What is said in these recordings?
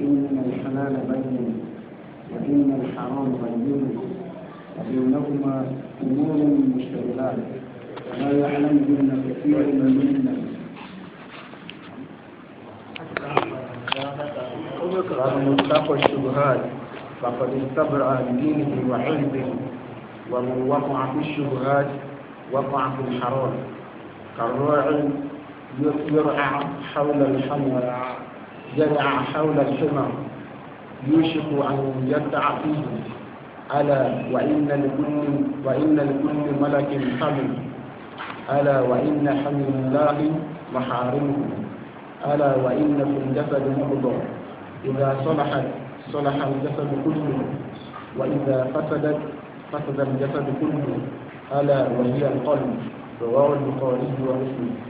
إن الحلال بين وإن الحرام بين وبينهما أمور مشتغلات لا بهن كثير منا ومن اتقى الشبهات فقد استبرأ لدينه وعلمه ومن وقع في الشبهات وقع في الحرام كالراعي يرعى حول الحمر جمع حول الحمر يوشك أن يدع فيه ألا وإن لكل وإن لكل ملك حمل ألا وإن حمل الله محارمه ألا وإن في الجسد مرضى إذا صلحت صلح الجسد كله وإذا فسدت فسد الجسد كله ألا وهي القلب رواه البخاري ومسلم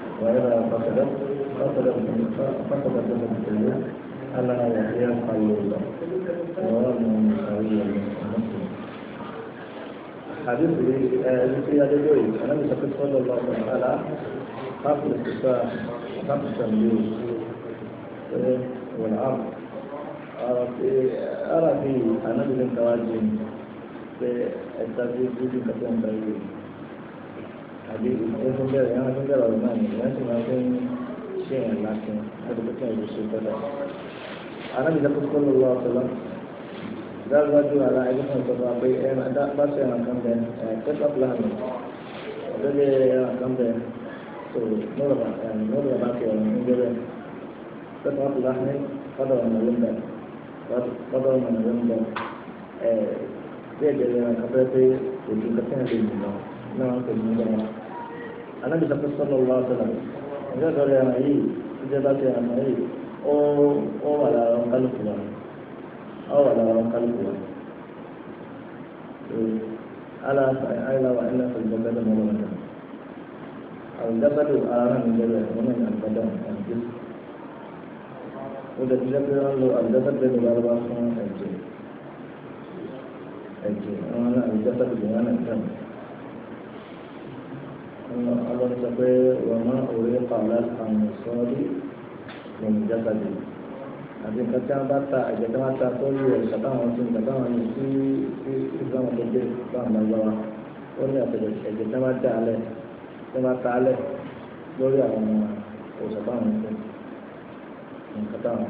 وإذا فقدت فقدت فقد ابن تيمية على يحيى قال رواه البخاري ومسلم حديث في هذا الجوي صلى الله عليه وسلم والعرض آه، أرى في النبي àbí ẹ̀sùn bẹ̀rẹ̀ ẹ̀rọ tó bẹ̀rẹ̀ ọ̀rọ̀ náà ni ìyá sì máa fẹ́ ṣe èèyàn lásán láti pé kí ẹ̀rọ ṣe tọ́lá. arábìnrin akókó ló wá ọ̀sọ̀lá dáwájú ara ẹgbẹ́ fún ìtọ́jú pé ẹran bá ṣe ẹran kan bẹ tẹ́tà pílánì ọ̀dọ́lẹ̀ ẹran kan bẹ tó lọ́dọ̀ bá kẹ ọ̀rọ̀ nígbẹ́ bẹ tẹ́tà pílánì kọ́dọ̀ ọ̀nà ló ń bẹ kọ́dọ̀ ọ̀nà ló ń bẹ ẹ̀ bí ẹ̀jẹ̀ ẹran kan bẹ pé òjò kẹtẹ́ ẹ̀ lè mú lọ náà ń pè ní ọ̀rọ̀ Anak sọ pé sọ́nà ọlọ́ àtọ́lá ìjọ ìtọ́lẹ̀ ẹ̀ràn yìí ìjọba ti ẹ̀ràn yìí Oh, wà lára wọn kálukú wa Ada orang lára wọn kálukú wa. ala ala wa ala fẹ jẹ bẹẹ mọ wọn kan àwọn jábàdù ara mi jẹ bẹẹ wọn náà yàn gbọdọ àti ó dẹbi jẹ pé wọn lo àjọpẹ bẹẹ lọ bá fún ẹ̀jẹ̀ ẹ̀jẹ̀ wọn náà àjọpẹ bẹẹ wọn Allah sọ pé wọ́n máa orí pàlà àwọn sọ́ọ́lì lòun jákàdé àti nǹkan tí wọ́n bá ta ẹ̀jẹ̀ tí wọ́n ta sórí ẹ̀ṣẹ̀ táwọn ti nǹkan táwọn yìí sí sí islam tó dé islam lágbára ó ní àtẹ̀jẹ̀ ẹ̀jẹ̀ tí wọ́n bá dá alẹ̀ tí wọ́n bá ta alẹ̀ lórí àwọn ẹ̀ṣẹ̀ táwọn ti nǹkan táwọn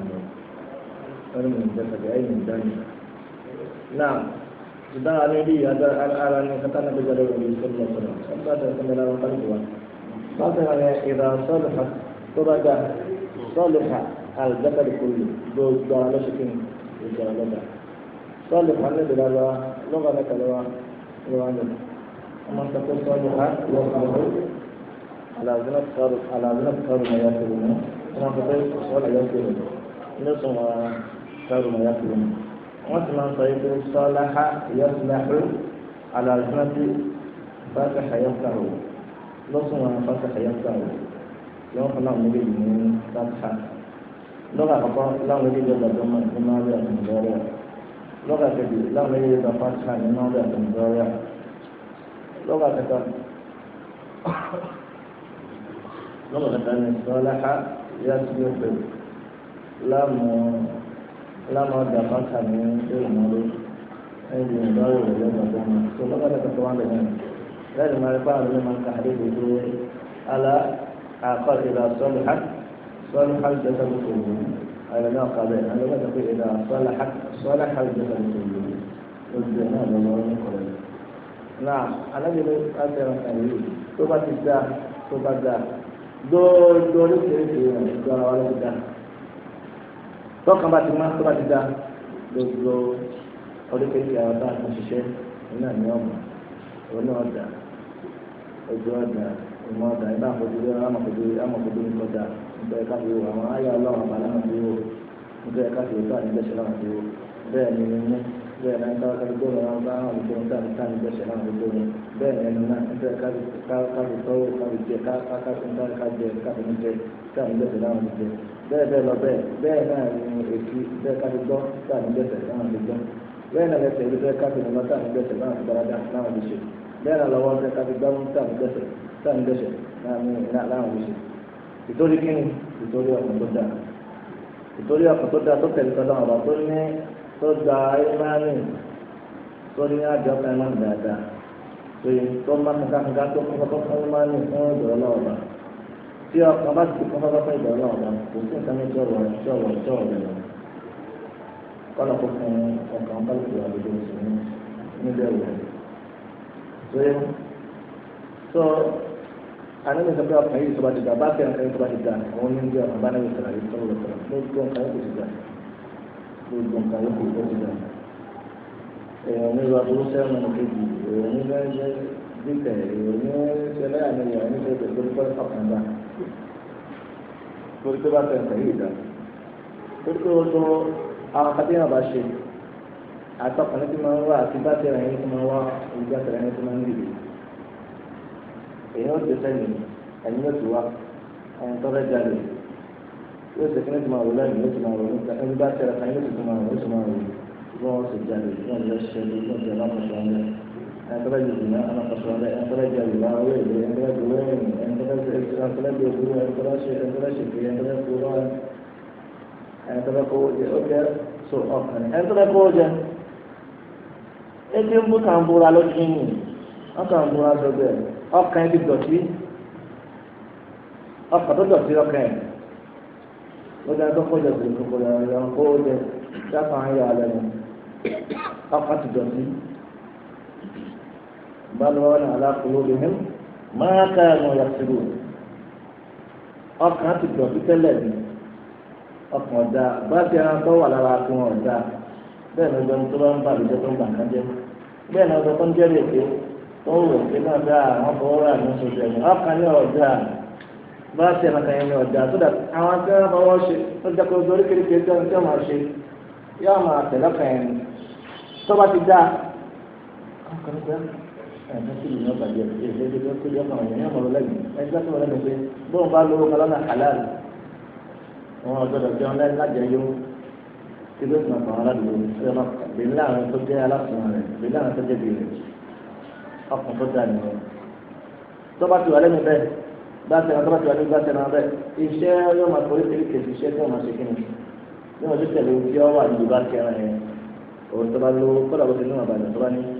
Kita ada di ada al-al yang kata Nabi Jalil Nabi Sallallahu Alaihi Wasallam. Kita ada kendaraan perempuan. Kata Nabi Ida Salihah Turaja Salihah al Jabal Kuli. Bukan ada sekian bukan ada. Salihah ni adalah logam yang keluar keluar ni. Amat takut Salihah logam itu. Alazinat kar alazinat kar mayat ini. Amat takut Salihah ini. Ini semua kar mayat ini. wọ́n ti máa ń sọ yìí pé sọ́lá ha yọ̀sùlá hù alàlùfáàtì fàtà hayọ́sà hù lọ́sùnwọ̀n fàtà hayọ́sà hù lọ́wọ́ fún láwọn méjèèjì ní fàtà lọ́gà àkọ́kọ́ láwọn méjèèjì ọ̀gá tó máa ń fún máa rí àtúndọ́rẹ́ lọ́gà kejì láwọn méjèèjì ọ̀gá fàtà ní máa rí àtúndọ́rẹ́ lọ́gà kẹta lọ́gà kẹta ní sọ́lá ha yọ̀sùlá lámà ọjà bàtà ní ìrìnàlẹ ẹni ìdáwó rẹ lọgbà gbọmọ tó lọgbà dàgbà tó wà lẹ́yìn lẹ́yìn máa rí báwọn ló máa ń ka àdéhùn tó ala àkọsí ìlà sọlù hà sọlù hà jẹta ló tó wù àyè náà kàbẹ àlọgbà dàgbà ìlà sọlù hà sọlù hà jẹta ló tó wù lójú náà lọ lọ ní kọlẹ. náà alábìrin àtẹrẹ kan yìí tó bá ti dá tọ́kàn bá ti máa tó bá ti dá gbogbo ọdún kékeré àwọn tó àti ṣiṣẹ́ nínú àmì ọ̀mà ọ̀nà ọ̀dà ojú ọ̀dà ọmọ ọ̀dà iná àfojúrí amọ̀fojúrí amọ̀fojúrí ń kọjá nígbà ẹ̀ka fi wò àwọn ayé ọlọ́run àbálá náà fi wò nígbà ẹ̀ka fi wò tó àyè lẹ́sẹ̀ náà fi wò bẹ́ẹ̀ ni mímú bẹ́ẹ̀ ni ẹ̀ka fi gbóòrò àwọn bá àwọn olùkọ́ tó àyè táyì lẹ́sẹ̀ náà fi gbóòrò bẹ́ẹ̀ ni ẹnu náà nígbà ẹ̀ka fi tọ́wọ́ ká fi jẹ ká ká fi ń dá ká jẹ ká fi ń jẹ ká fi lẹ́sẹ̀ náà fi jẹ bẹ́ẹ̀ bẹ́ẹ̀ lọ bẹ́ẹ̀ bẹ́ẹ̀ náà ni èsì bẹ́ẹ̀ ká ti gbọ́ tá à ní bẹ́sẹ̀ náà ti gbọ́ bẹ́ẹ̀ náà lẹ́sẹ̀ ìlú bẹ́ẹ̀ ká ti nígbà tá à ní bẹ́sẹ̀ náà ti gbáradá náà ti ṣe bẹ́ẹ̀ náà lọ́wọ́ bẹ́ẹ̀ ká ti gbá mú tá à ní bẹ́sẹ̀ tá à ní bẹ́sẹ̀ náà ní náà ti ṣe. ìtòrí kí ni ìtòrí ọkàn tó dáa ìtòrí ọkàn tó dáa tó tẹ̀lé tọ́lá ọ̀rọ̀ tó ní tó da imáàmì tó ní àjọ kan imáàmì dáadáa tó yẹ tó má kankan tó kọ́kọ́ fún imáàmì fún ìdọ̀rọ̀ náà ọ̀rọ̀ tí ọkọ̀ bá ti kọ́ bá fẹ́ ìdọ̀rọ̀ ọ̀dà kò sí nǹkan ní ìjọ̀rọ̀ ìjọ̀rọ̀ ìjọ̀rọ̀ rẹ̀ kọ́lọ̀ kó fún ọkàn bálùkù àdúgbò ìṣòro nílẹ̀ rẹ̀. ṣé sọ anáwó sọ pé ọkàn yìí tó bá ti dà bá kẹ́ ọkàn yìí tó bá ti dà àwọn oníjẹ ọkàn bá náwó sọ̀rọ̀ yìí tọ́wọ́ sọ̀rọ̀ lóògbé ọkàn yìí kò ti dà lóògbé ọkàn yìí kò ti dà. èèyàn ní ìwà burú sẹ́wọ̀n kejì torí pé bá tẹ̀sán yìí dá torí pé o tó àwọn kàdé náà bá ṣe àtọkùnrin tí máa ń wá àti bá tẹ̀sán yìí tí máa ń wá ìgbà tẹ̀sán yìí tí máa ń dìbò èyí ó ti sẹ́yìn ẹ̀yìn ó ti wá ẹ̀yìn tó fẹ́ jáde yóò ṣe kí ní yang telah dibina anak pesona yang telah jadi lawe yang telah dueng yang telah yang telah diobu yang telah syekh yang telah syekh yang telah kurang yang telah koja oke so oke yang telah koja ẹni mú kàǹbùrà lójú ní ọkàǹbùrà dọgbẹ ọkàn ẹbí dọ̀tí ọkàn tó dọ̀tí ọkàn ẹ ó dáa tó kọjá sí ìdókòwò ẹ̀rọ kó o jẹ dáfà ń yà á lẹ́nu ọkàn ti dọ̀tí balùwọ́n aláfowó lóhùn máa ká àwọn yàtúrò ọkàn ti dọ̀tí tẹ́lẹ̀ ni ọkàn ọ̀dà bá ti ara tó wà lára tó wọn ọ̀dà bẹ́ẹ̀ ni ọdún tó bá ń bà lójọ́ tó ń bà ká jẹ́ bẹ́ẹ̀ ni ọdún tó ń jẹ́ lèkè tó ń wọ̀ pé náà dá àwọn fọwọ́ rà ní oṣù tẹ̀lé ọkàn ní ọ̀dà bá ti ara kan yẹn ní ọ̀dà tó dà àwọn tí bá ti ẹ̀ka sí ìyẹn ọ̀bàjẹ́ èdè èdè tó kéde ọkàn ẹ̀yìn ọmọ lẹ́yìn ẹ̀ka tó lẹ́nu pé bóun bá lówó kan lọ́nà halal wọn ọ̀gbọ́dọ̀ jẹ́ ọ̀nà ìlàjẹ́ yó kí ló sùn àpamọ́ aládùúgbò ṣé ọmọ bẹ́ẹ̀ láàrin tó jẹ́ alásùn rẹ̀ bẹ́ẹ̀ láàrin tó jẹ́ bí rẹ̀ ọkàn tó dà nìyẹn tó bá ti wà lẹ́nu bẹ́ẹ̀ bá tẹ̀lé tó bá ti wà lẹ́nu bá tẹ̀lé bẹ́ẹ̀ iṣẹ́ yóò máa forí kiri kèsì iṣẹ́ tó máa ṣe kíni yóò máa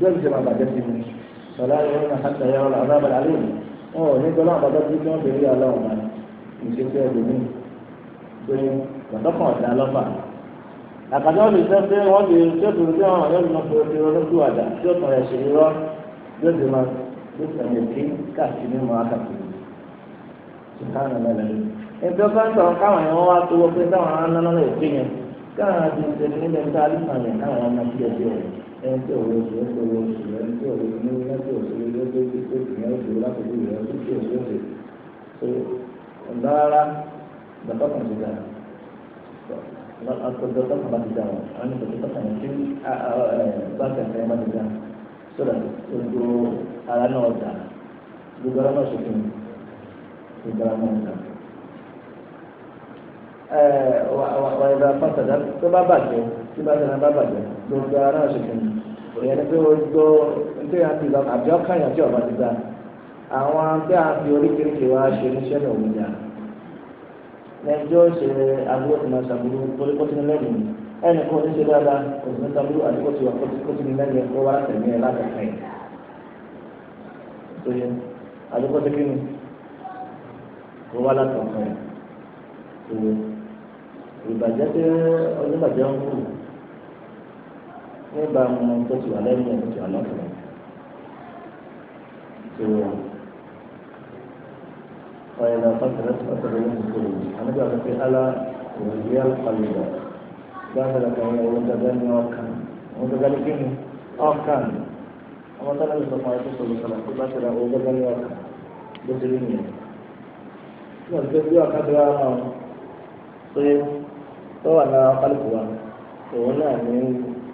bẹ́ẹ̀ ṣe máa bàjẹ́ sí mi sọlá yẹn wọn àti ẹ̀yà ọ̀la ọ̀la àbàlẹ̀ alẹ́ òní wọn ò ní gbọ́dọ̀ àbàdọ́ tí wọ́n fi rí ọlá ọ̀la ìṣe fẹ́ ẹlòmíì pé bàtọ́kàn ọ̀dà lọ́fà àkàtà wọn lè sọ pé wọn lè ṣètò ní àwọn ọ̀rẹ́ mi lọ́pọ̀ ti rọ́ lójú àdá tí ọ̀tàn rẹ̀ ṣe irọ́ bí ó ti máa bí sẹ̀mẹ̀ kí káàkiri nínú àkàkiri ṣùgbọ́n àná lẹ́nu. ẹgbẹ́ kọ́ńtà káwọn ẹ̀wọ̀n wá ọmọ ẹni tí òun oṣù ẹni tí òun oṣù ẹni tí òun ní ẹni tí òun ní ló dé tí ó sì ní oṣù láti bí ìrẹ́ tó tí òun oṣù tó ọ̀dà rárá bàtà kan ti dà àkọsọ tó kàn ti dà wọn àwọn ìkọsọ tó kàn yẹn tí báńkì bá ti dà gbogbo ara náà dà gbogbo ara náà ṣètò gbogbo ara náà dà. Wàyẹ̀dà pàtàkì tó bá bàjẹ́ tí bá jẹ́ náà bá bàjẹ́ gbogbo ara náà ṣètò ìyẹn ni pé gbogbo ntẹ́ yà ti lọ àbí ọkàn yàn tí ọba ti dá àwọn tẹ́ à fi oríkèéríkèé wá ṣe oníṣẹ́ ní òmìnira lẹ́jọ́ ṣe agbóhùn tí wọ́n ṣàbúrú kótókótó ní lẹ́nu ẹnì kan oníṣẹ́ dáadáa òṣìṣẹ́ ṣàbúrú àti kótó wà kótókótó ní lẹ́nu ẹ̀kọ́ wá tẹ̀lé ẹ̀ látàkà ẹ̀ tó yẹ àdókótó kí ni kó wá látàkà ẹ̀ tó ìbàjẹ́ pé oníbàjẹ́ ń kú nígbà mu tó ti wà lẹ́yìn tó ti wà lọ́sọ̀rọ̀ tó ọ̀yẹ̀ náà fásitì fásitì ló ń kó lòdì àníbi àwọn ti hálà òwúrọ̀ yẹ kọlùbọ̀ gbàgbé lọ́kọ̀ wọn ẹ̀wọ̀n gẹ́gẹ́ ní ọkàn wọn gẹ́gẹ́ ní kíni ọkàn ọmọ tó náà sọ fún ayé tó sọ̀rọ̀ sọ̀rọ̀ tó bá ti owó gẹ́gẹ́ ní ọkàn ló ti rí nìyẹn. tó wà náà pé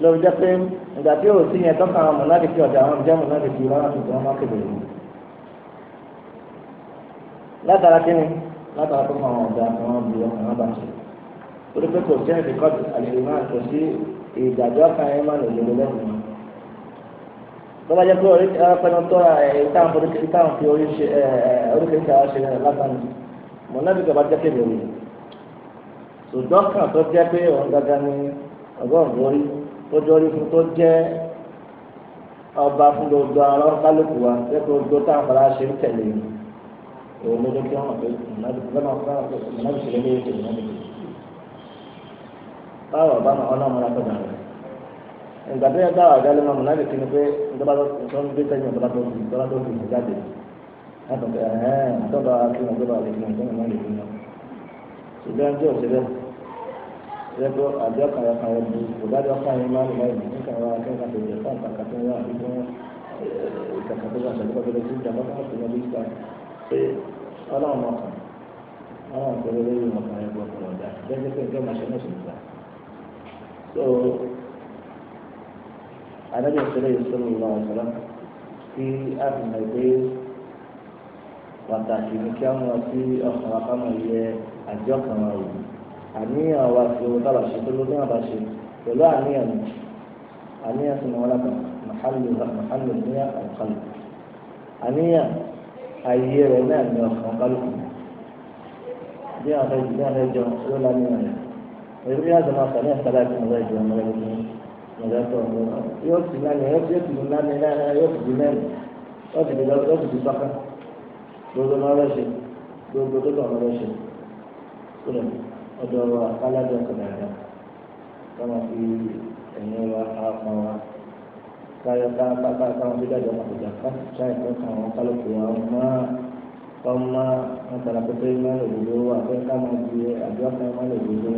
lórí jẹ́ pé ìgbà tí yóò sí yẹn tọ́ka àwọn mọ̀nádìkì ọ̀dà àwọn ìjẹ́ mọ̀nádìkì lọ́wọ́ àti ìjọba máa kéde yìí. látara kí ni látara tó máa ọ̀dà àwọn ọ̀bì ọ̀hún bá ṣe. torí pé kò sí ẹ̀dì kọ́ọ̀tù àlejò náà kò sí ìdájọ́ kan yẹn máa lè lè lẹ́nu. tó bá jẹ́ pé orí ẹ̀rọ tó ìtàn fi orí ṣe oríkèéríkè àwọn ṣe látàn mọ̀nádìkì ọba jẹ́ kéde ṣùgbọ́n kan tó jẹ́ pé ọ̀gá tó dọ́rí fún tó jẹ́ ọba fún gbogbo àwọn kálukú wa lẹ́kọ̀ọ́ gbogbo tá a fara ṣe ń tẹ̀lé òun ló dé kí wọ́n pè mọ̀nàbí ṣe lé ètò mọ̀nàbí ṣe. báwo bá ma ọlọ́run múra pẹ̀lú àrẹ ìgbà tó yẹ dáwà gálé mọ́ mọ̀nàbí kí ni pé ìjọba tó ń gbé sẹ́yìn ìjọba tó ń ìjọba tó ń gbé jáde látọ̀ pé ẹ̀hẹ́n tó kí wọ́n tó bá lè fi hàn tó lè fi hàn. ṣùgbọ́n tí ò yẹtọ àjọ kàyà kàyà bi ìdájọ kàyà máa ń láyé ní kàyà akẹ́kọ̀ọ́ tó yẹ fún àkàtà ńlá àdúgbò ìkàkà tó yà sàdúgbò tó lè fi jàmbá kàkà tó yà bí ìgbà pé ọlọ́run náà ọlọ́run tó lè lórí ọkàn yẹn gbọ́ pọ̀ ọ̀dà jẹ́jẹ́ pé nǹkan máa ṣe náà sùn gbà. so adájọ ìṣẹ̀lẹ̀ ìṣẹ̀lẹ̀ ìlú ọ̀sán kí a fi mọ̀ pé pàtàkì ní kí á mọ̀ sí àníyàn wa ti o tábà ṣe tó lórí àbá ṣe pẹ̀lú àníyàn mi àníyàn sì ni wọ́n lápá màhálù màhálù ní àkàlù àníyàn ayé rẹ̀ náà ní ọ̀kan kálukú bí àwọn fẹ́ jù bí àwọn fẹ́ jọ ló láníyàn rẹ̀ èyí bí wọ́n ti máa sàníyàn sálá kí wọ́n fẹ́ jù ọmọ rẹ̀ ní yóò sì lánìí yóò sì lù lánìí yóò sì lù lẹ́nu yóò sì lù lọ́wọ́ yóò sì lù sọ́kà gbogbo ọmọ rẹ̀ ṣe gbogbo tó tọ̀ ọmọ rẹ̀ ṣe kúrò ọ̀dọ̀ wa káládọ̀ kọ̀dàdà káwọn fi ẹ̀yìn wa àwọn wa káyọ̀ káàpá káwọn fi dájọ́ àbújá káàpá sáyẹn tó kàn wọ́n kálukú wa ọmọ ọmọ ọ̀tàlà pépé máa lè wúlò wà pé káwọn fi àjọ kan máa lè wúlò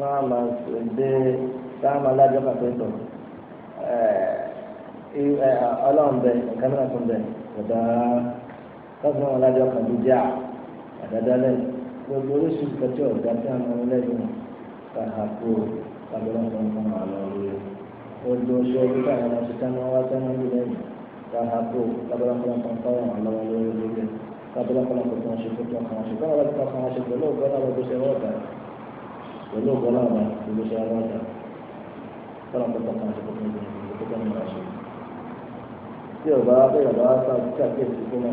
wọn a máa dé káwọn máa lájọ́ kàtó tọ̀ ọlọ́run bẹ nǹkan mìíràn tó bẹ ọ̀dà káwọn máa lájọ́ kàtó jà àdáda lẹ́yìn gbogbo oríṣi ìkọjọ ọ̀gá tí a mọ lẹ́yìn kàkà kó kàbọ̀lá tó ń fún wa lọ rí gbogbo oṣù ọdún tí àwọn ọmọọṣẹ́ tán wá tán ní lẹ́yìn kàkà kó kàbọ̀lá tó ń fún wa lọ rí lórí kàbọ̀lá tó ń fún wa ṣe fún wa ṣe báwo láti fún wa ṣe pẹ̀lú ọ̀gá náà gbogbo ṣe rọ́ọ̀dà pẹ̀lú ọ̀gá náà gbogbo ṣe rọ́ọ̀dà kọ́lọ́mù tó ń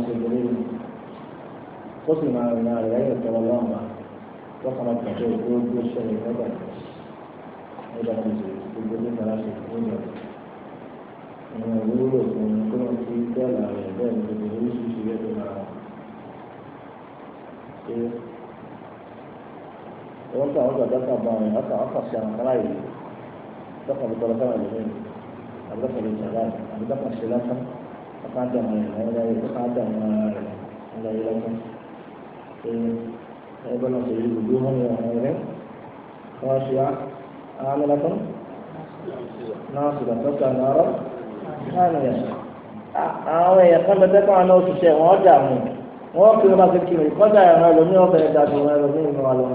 fún ṣe fún ó sì máa rìn náà rẹ̀ lẹ́yìn ìtọ́wọ́ lọ́mà lọ́kàn máa tẹ̀sẹ̀ gbogbo ṣẹlẹ̀ lọ́gbà nígbà tó ṣe gbogbo ní ìtara ṣe fún ìyọ̀ ìwọ̀n ìwúlò fún kó lọ́n ti dọ́là rẹ̀ bẹ́ẹ̀ ni gbogbo oríṣiríṣi rẹ̀ tó máa ṣe wọ́n tún àwọn gbàgbọ́ kan bá wọn ọkà ọkà ṣe àwọn ará yìí lọ́kàn ló tọ́lọ́ sára lónìí àbúrọ̀kọ̀ lè jà láàyè àbúrọ̀kọ̀ ṣe lásán ربنا سيد وجوههم يومئذ خاشعة عاملة ناصبة تسعى نارا حامية àwọn èèyàn kan bẹ tẹ́kọ̀ àwọn òṣìṣẹ́ wọn ọjà mú wọn kí wọn bá fi kiri kọjá ẹ̀rọ ẹlòmíì ọ̀fẹ́ ẹ̀dá tó wọn ẹlòmíì nínú wa lọ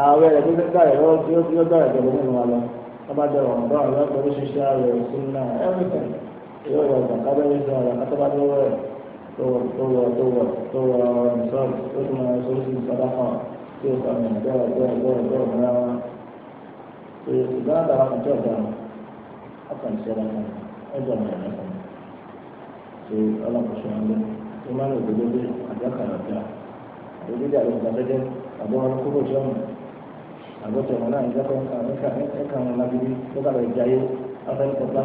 ààrẹ rẹ̀ tó fẹ́ gbà ẹ̀rọ tí ó gbà ẹ̀dá tó nínú wa lọ wọn bá dẹrọ ọ̀dọ́ àwọn ẹ̀kọ́ ló ṣiṣẹ́ ààrẹ ìsinmi náà ẹ̀rọ ìfẹ́ yóò yọ ọ̀gbà kábẹ́rẹ́ sí ọ̀rọ̀ kátó bá dé wọ́ọ̀rọ̀ tó wọ tó wọ tó wọ tó wọ nìsọ́ọ̀bù tó tún máa sọ sí ìsọdá kan tí ó sọnù bẹ́ẹ̀ bẹ́ẹ̀ bẹ́ẹ̀ bẹ́ẹ̀ múra wọn. èyí ìgbà àdàrà kò tó ọ̀dà wọn ọkàn ìṣẹ́ra kan ẹ̀jọ̀ mọ̀ràn kan ṣe ọlọ́kùnṣe wọn lé ìmọ̀ràn òdòdó àjọkànlọ́jà òdòdó àjọkànlọ́jà àbọ̀ wọn kúrò sọ́nù àbọ̀tẹ̀ wọn náà ń jẹ́ kọ́ ẹ̀ka ẹ̀ka wọn lábíbí tó bá lọ jayé afẹ́ńkọ̀ọ́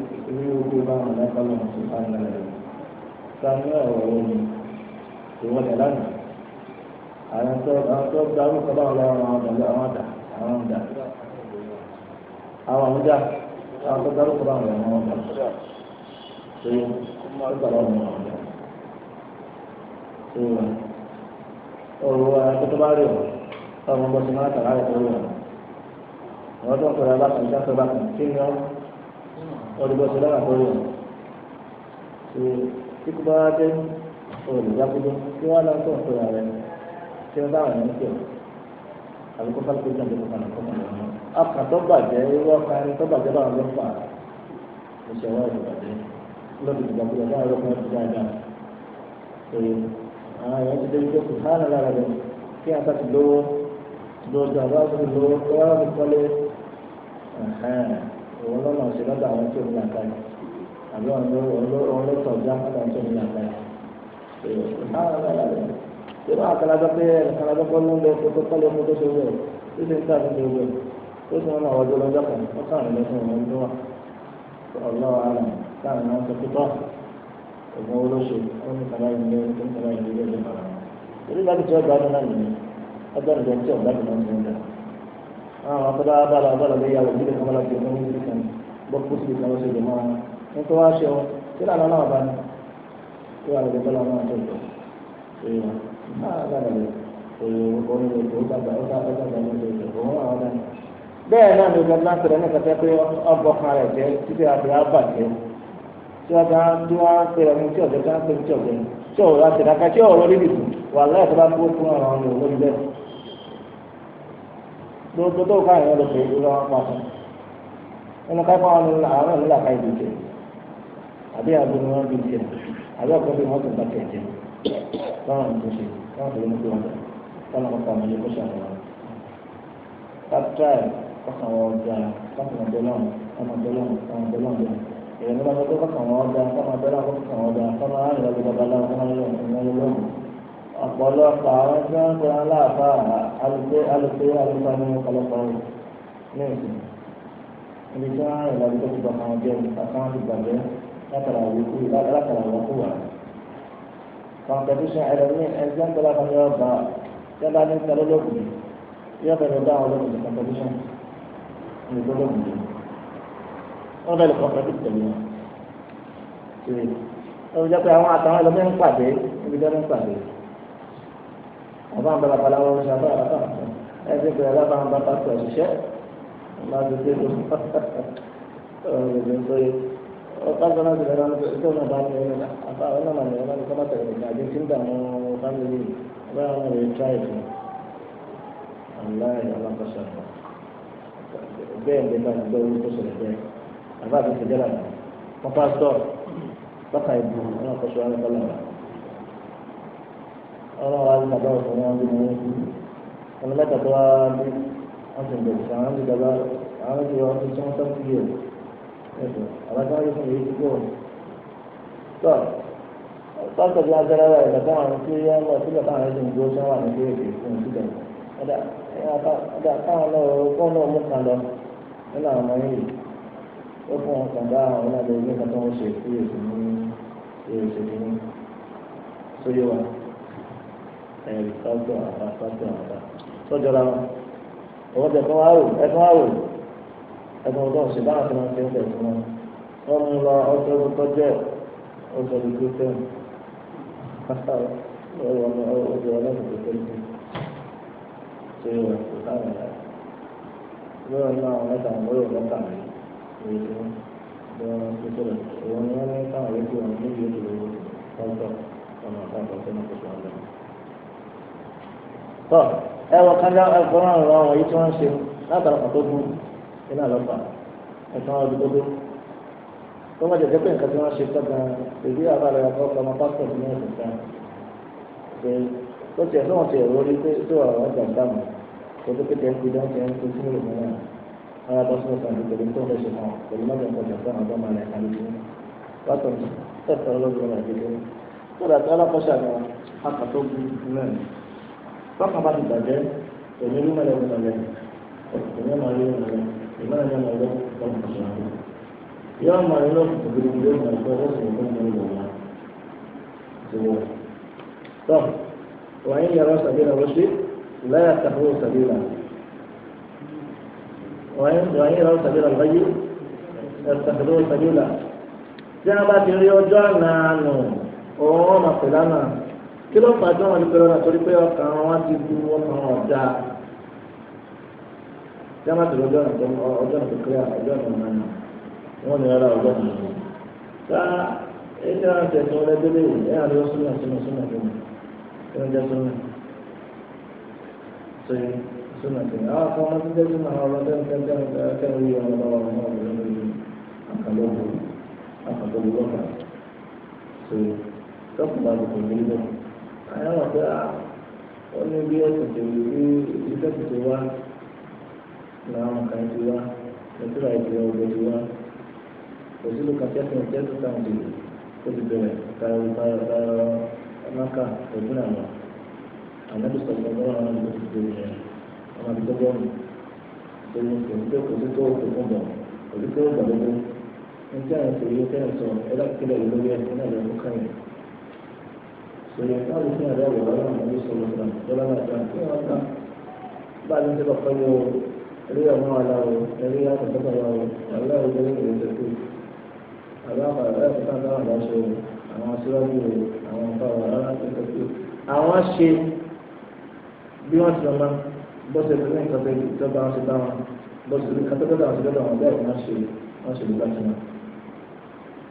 irú ojú bá wọn lọ́kọ́lọ́ tó bá ń lọ samuel ọ̀hún ni ìwọlẹ̀ lánàá àwọn tó àwọn tó darúkọ báwọn lọ àwọn àdàlẹ́ àwọn àdà àwọn àdà àwọn àmúdà àwọn tó darúkọ báwọn lọ àwọn àdà tó ó gbà wọn lọ àdà tó wà ọ̀rọ̀ àtúntò bá rí ọ ọmọ bọ́sùn náà tàrà ẹ̀ tó wà wọ́n tó ń sọ̀rọ̀ aláṣẹ ìjáfẹ́ bá kí ni wọ́n ọdúnbọ̀sọ lára àkọ́rẹ́ wọn ṣe kíkú bá dé olùdákúndó kí wọ́n lọ sọ̀rọ̀ sọ̀rọ̀ rẹ ṣé wọ́n báwọn ẹni tẹ̀ àbíkó kálukú ìjà ló kọ́kànlá kọ́kànlá wọn. akàtọ́ bàjẹ́ irú ọkàrin tó bàjẹ́ báwọn ló fà ó ṣe wọ́n ìdìbàjẹ́ lọ́dún ìdìbàkúndó báwọn ló kọ́ ìdìbà dáa ṣe àwọn èèyàn ti dé tó kù hánà lára rẹ kí ata ti lówó lọ́jọ́ àbáwọ̀ ti lówó kọ́ òun lọ́nà sí lọ́dọ̀ àwọn tí òun yàgbá yìí àbí òun ló tọ̀ já lọ́dọ̀ tí òun yàgbá yìí. ṣé máa kàlájọ pé kàlájọ pé ló ń lọ tó kọ́ ló mú tó ṣe wẹ̀ tó ṣe ń tà nílé wẹ̀ tó ṣe wọn àwọn ọjọ́ kan wọ́n kàn án lọ́sùn òun ló wà ọlọ́wọ́ àlà táwọn náà sọ pípọ́ ògùn owó ló ṣe ó ní kàlá ìlú ó ní kàlá ìlú ló ṣe bàrà wọn. orí náà nìyẹn ọgbọ́n ìgbà tí ọ̀gbádùn náà ń àwọn ah, àtọ́lá bàlá bàlá lè yàwó ìdílé kan bàlá gbèsè ní ìdílé kan bọ́kú sí ìkan lọ́sẹ̀ ìdè máa ń tó wá ṣe ọ tí lànà náà bá ní tí wàá lè bọ́lá náà tó jọ èèyàn náà bàlá lè èèyàn òun lè tó bàbá ó bá ó bàbá lè tó jọ òun àwọn náà bẹ́ẹ̀ náà ló gbẹ náà sọ̀rọ̀ nípa tẹ́ pé ọgbọ̀n rẹ̀ jẹ́ títí àti àbàjẹ́ tí wọ́n bá tí wọ́n pèrè ní tí ọ̀jẹ̀ tí wọ́n pèrè ní tí ọ̀jẹ̀ gbogbo tó ká ìyẹn lọ sí ìlú lọ́wọ́ pa fún ẹnu ká fún àwọn àwọn ìlú àká ìlú jẹ àbí àbí ni wọ́n bí jẹ àbí ọ̀pọ̀ bí wọ́n tún bá tẹ̀ jẹ lọ́wọ́ ní ṣe lọ́wọ́ tó ní kí wọ́n tẹ̀ lọ́wọ́ pa àwọn ilé kó ṣàlùwà kọ́kàn wọn ọjà kọ́kàn wọn bẹ́lọ́n ọmọ bẹ́lọ́n ọmọ bẹ́lọ́n bẹ́lọ́n èèyàn ní wọn tó kọ́kàn wọn ọjà kọ́kàn bẹ́lọ́n kọ́kàn wọn ọjà kọ́kàn wọn àyìnbá lọ́wọ́ babaláwo kọ́kàn wọn lọ́wọ́ ọ̀pọ̀lọpọ̀ àwọn tí wọ́n ń pè wọn láàbá alùpé alùpé alùpá ní ọ̀pọ̀lọpọ̀ rẹ̀ lẹ́yìn ibi tí wọ́n rìn lọ́dún tó ti bọ̀ máa jẹun àkáǹtì gbàgbé látara ìwéku látara ìwọ́kù wà. competition ẹ̀rọ ní ẹgbẹ́ ń tọ́lá kan yóò bá yọba ní sẹ́lẹ̀ lókun yóò bẹ̀rẹ̀ bá àwọn olókùn ní competition ní ìgbọ́lókun yìí. wọ́n bẹ̀rẹ̀ competition pẹ̀lú wọn. ṣe é ó jẹ́ pé àwọn àtàwọn ẹlòmíràn pàdé ibi tí wọ́n ń pàdé àbá balabala wọn ṣe àbá àbá ẹ ṣe pé alábà ń bá pàtó ọ̀ṣiṣẹ́ ọmọ àdúgbò ló ọ̀rọ̀ ló yẹ ọ̀pá gbọ́dọ̀ ti lọ́wọ́ nípa ìṣẹ́ ọ̀nà bá ní ẹ̀rọ àbá ọ̀nà màmí ọ̀nà ní kọ́mọ̀tà ìrìn àjẹ́ tí ń dà mọ́ fámìlì ọ̀bá àwọn ọ̀rẹ́ tíráì fún aláì alákọ̀ṣà bẹ́ẹ̀ bẹ́ẹ̀ bá gbọ́ orí tó ṣẹlẹ̀ bẹ́ẹ̀ àbá àti ìṣẹ́jẹ́ làná wọ́n pásítọ̀ bákà ìbò ọ̀nà àkọ́ṣọ́ ọlọ́run wa ní bàbá òfin wọn bí wọn ọmọ mẹ́ta tó wá bí wọn sì ń bẹ̀rẹ̀ sí àwọn ìjọba àwọn ìjọba wọn ti tún sọ́kù yìí ẹ̀sìn àbájá wọn yóò fi kó tó pásítọ̀ bí wọn tẹ́lẹ̀ wá ìgbà àwọn tí wọn lọ sílẹ̀ táwọn ẹ̀sìn ìgbó tí wọn wà ní kéèké fún ìsìlẹ̀ ọ̀dà táwọn náà kọ́ náà mú kan lọ nínú àwọn ọmọ yìí ó fún wọn kàn bá àwọn ọmọ náà tó ń ṣe kí èsì ní èsì ní sóyè wa ẹ̀rì sọ́dọ̀ àbá sọ́dọ̀ àbá sọ́jọ́ la wọn owó tẹ fún wàá wò ẹ fún wàá wò ẹ báwọn ti máa ń ṣe ń tẹ̀ wọn wọ́n mú lọ ọjọ́ ló tọ́jọ́ ọjọ́ ló tó tẹ̀ ọjọ́ ọlọ́run tó tẹ̀ sí ṣé ìwà kò sáwọn ẹ̀rọ lọ́wọ́ ní àwọn mẹ́ta mọ́rọ̀ mẹ́ta mi lórí wọ́n lọ́wọ́ tó sọ̀rọ̀ òun ni wọ́n ní káwọn yóò wọn níbi ètò ìwé ọjọ́ ọmọ àtàkùn ọ̀sẹ̀ náà kò sọ̀rọ̀ lọ́wọ́ tọ́ ẹ wọ kánjá ẹ̀kọ́rọ̀ ọ̀rọ̀ àwọn yìí tí wọ́n ń ṣe látara kan tó burú iná lọ́pàá ẹ̀sán ọdún tó burú tó wọ́n jẹ́jẹ́ pé nǹkan tí wọ́n ṣe tọ́ gan-an èyí àbálẹ̀ ọkọ̀ ọmọ pásítọ̀ ní ẹ̀sìn kan pé tó tiẹ̀ tó wọ́n ti ẹ̀rọ orí pé tó ọ̀rọ̀ ọjà ń dàmú tó tó pété ń fi dán tiẹ̀ ń fi sínú ìlú náà ara bọ́ sínú ìsàn ìpèlè tó ń fẹ́ ṣe kan pẹ̀lú mọ́tò ìpọ̀jà fún àwọn ọmọ tọ́ka bá ti bàjẹ́ èmi ní mọ̀lẹ́ wọn lẹ́ èmi máa rí wọn lẹ́ èmi náà ní ọmọ ẹgbẹ́ ọmọ ìṣòro yọ ọmọ ẹgbẹ́ ọmọ ìṣòro yóò máa gbọ́ ọwọ́ sọ̀rọ̀ fún mi lọ́wọ́ ìṣòro tọ́ wàá yẹ ọ̀rọ̀ sàbí lọ́wọ́ sí láyà tàbí ọ̀rọ̀ sàbí là wàá yẹ ọ̀rọ̀ sàbí lọ́wọ́ yí tàbí ọ̀rọ̀ sàbí là tí a bá ti rí ọjọ́ àná àná òun ọ̀nà kí ló fà á tí wọ́n ti pẹ̀lú ọ̀nà torí pé ọkàn wọn ti bu ọkàn wọn dá jama tó lọ́jọ́ ọ̀nà tó ọjọ́ ọ̀nà tó kílíà ọjọ́ ọ̀nà ọ̀nà náà wọ́n ní ọ̀rọ̀ ọjọ́ ọ̀nà náà tá ẹni àwọn tẹ̀sán ọlẹ́gbẹ́lẹ́ yìí ẹ̀yà ló súnmọ̀ súnmọ̀ súnmọ̀ tó mọ̀ kí wọ́n jẹ́ súnmọ̀ tó yẹ súnmọ̀ tó yẹ àwọn afọ ọmọ tó jẹ́ súnmọ̀ àwọn ọlọ́dẹ́ tẹ́tẹ́ tẹ́tẹ́ tẹ́tẹ́ àyàwó pé à wọ́n ní bí ẹ̀sìn tó lè bí ìdíkẹ́ tó ti wá làwọn kan ti wá lẹ́tọ́rà ìdílé ọgbẹ́ ti wá òṣèlú kan tẹ́sán tẹ́sán tàn ti ó ti bẹ̀rẹ̀ tayọ tayọ tayọ ọmọkà ọdún àná ànábì sọ̀tọ̀ lọ́wọ́ àwọn ọmọ tó ti bẹ̀rẹ̀ ọmọ àti tọ́gbọ́n tó ń sọ pé kò sí tó kò fún bọ̀ kò sí tó gbàdúgbò ní tí àwọn ìṣòro tẹ́ ń sọ ẹ̀dá sọ̀rọ̀ káàdì fún ẹ̀rọ ìwà náà ní sọ̀rọ̀ náà tọ́lá náà tán kí wọ́n tán bá a ní sẹ́kọ̀ pẹ́lú ẹ̀rí ọmọ aláwọ̀ ẹ̀rí àtọ̀tọ̀ aláwọ̀ aláwọ̀ ẹ̀rí ìwé tẹ̀kù aláwọ̀ ẹ̀fọ́tà náà láṣọ àwọn aṣíwájú àwọn afáwọ̀ aláwọ̀ àwọn ṣe bí wọ́n ti lọ́mọ bọ́sẹ̀ tó ní nǹkan tó bá wọn ṣe bá wọn bọ́sẹ̀ tó ní nǹkan tó bá wọn ṣe bá wọn bẹ́ẹ̀ wọ́n ṣe wọ́n ṣe nígbà tó náà.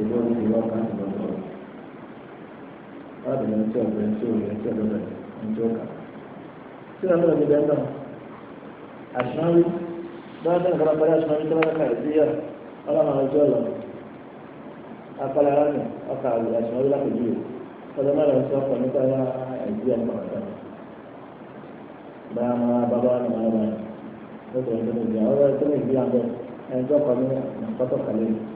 ìlú ọdún ìlú ọkàn ìlú ọdún ọdún láti lọ sí ọ̀bẹ tí òun yẹn tí ọ̀bẹ ń tí ó kà sí ọ̀bẹ òbí bẹ́ẹ̀ náà àṣìnáwí báwọn tó ń kọ́ra parí àṣìnáwí tó wọ́n kà sí yà ọlọ́mọ ọjọ́ lọ apalẹ̀ alámi ọkà àṣìnáwí lápẹ̀jú yìí ọjọ́ náà lọ sí ọkọ̀ nípa ẹ̀jú ọmọ ọ̀tá báyà máa bábá ní máa báyà ó sọ̀rọ̀ tó ń gbìyànjú ẹ̀jọ́ kọ́ ní ọ̀tọ̀ kàlẹ́ yìí.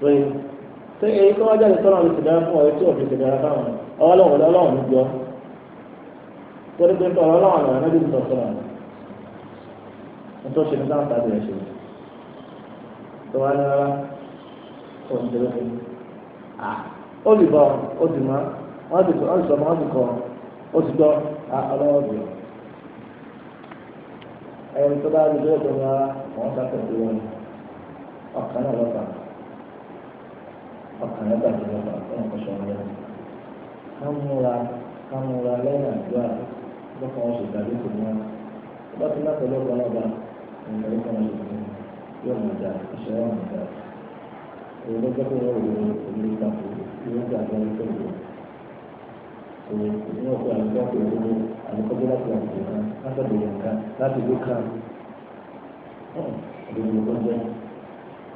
lóyún tó èyí tó wá ti dára fún ọ tí òfin ti dára fáwọn ọlọ́run ti wọ́n ti sọ wọ́n ti bìí tó bá ọ̀kan náà lọ́fà ọ̀kan náà bàjẹ́ lọ́fà ọ̀kan kọ́ sọ̀rọ̀ lẹ́nu. ká múra ká múra lẹ́yìn àdúrà lọ́kàn oṣù tàbí kò múra bá ti láti lọ́kàn náà bá ìrìn àdúrà kan oṣù tó yóò mọ̀ dá iṣẹ́ yóò mọ̀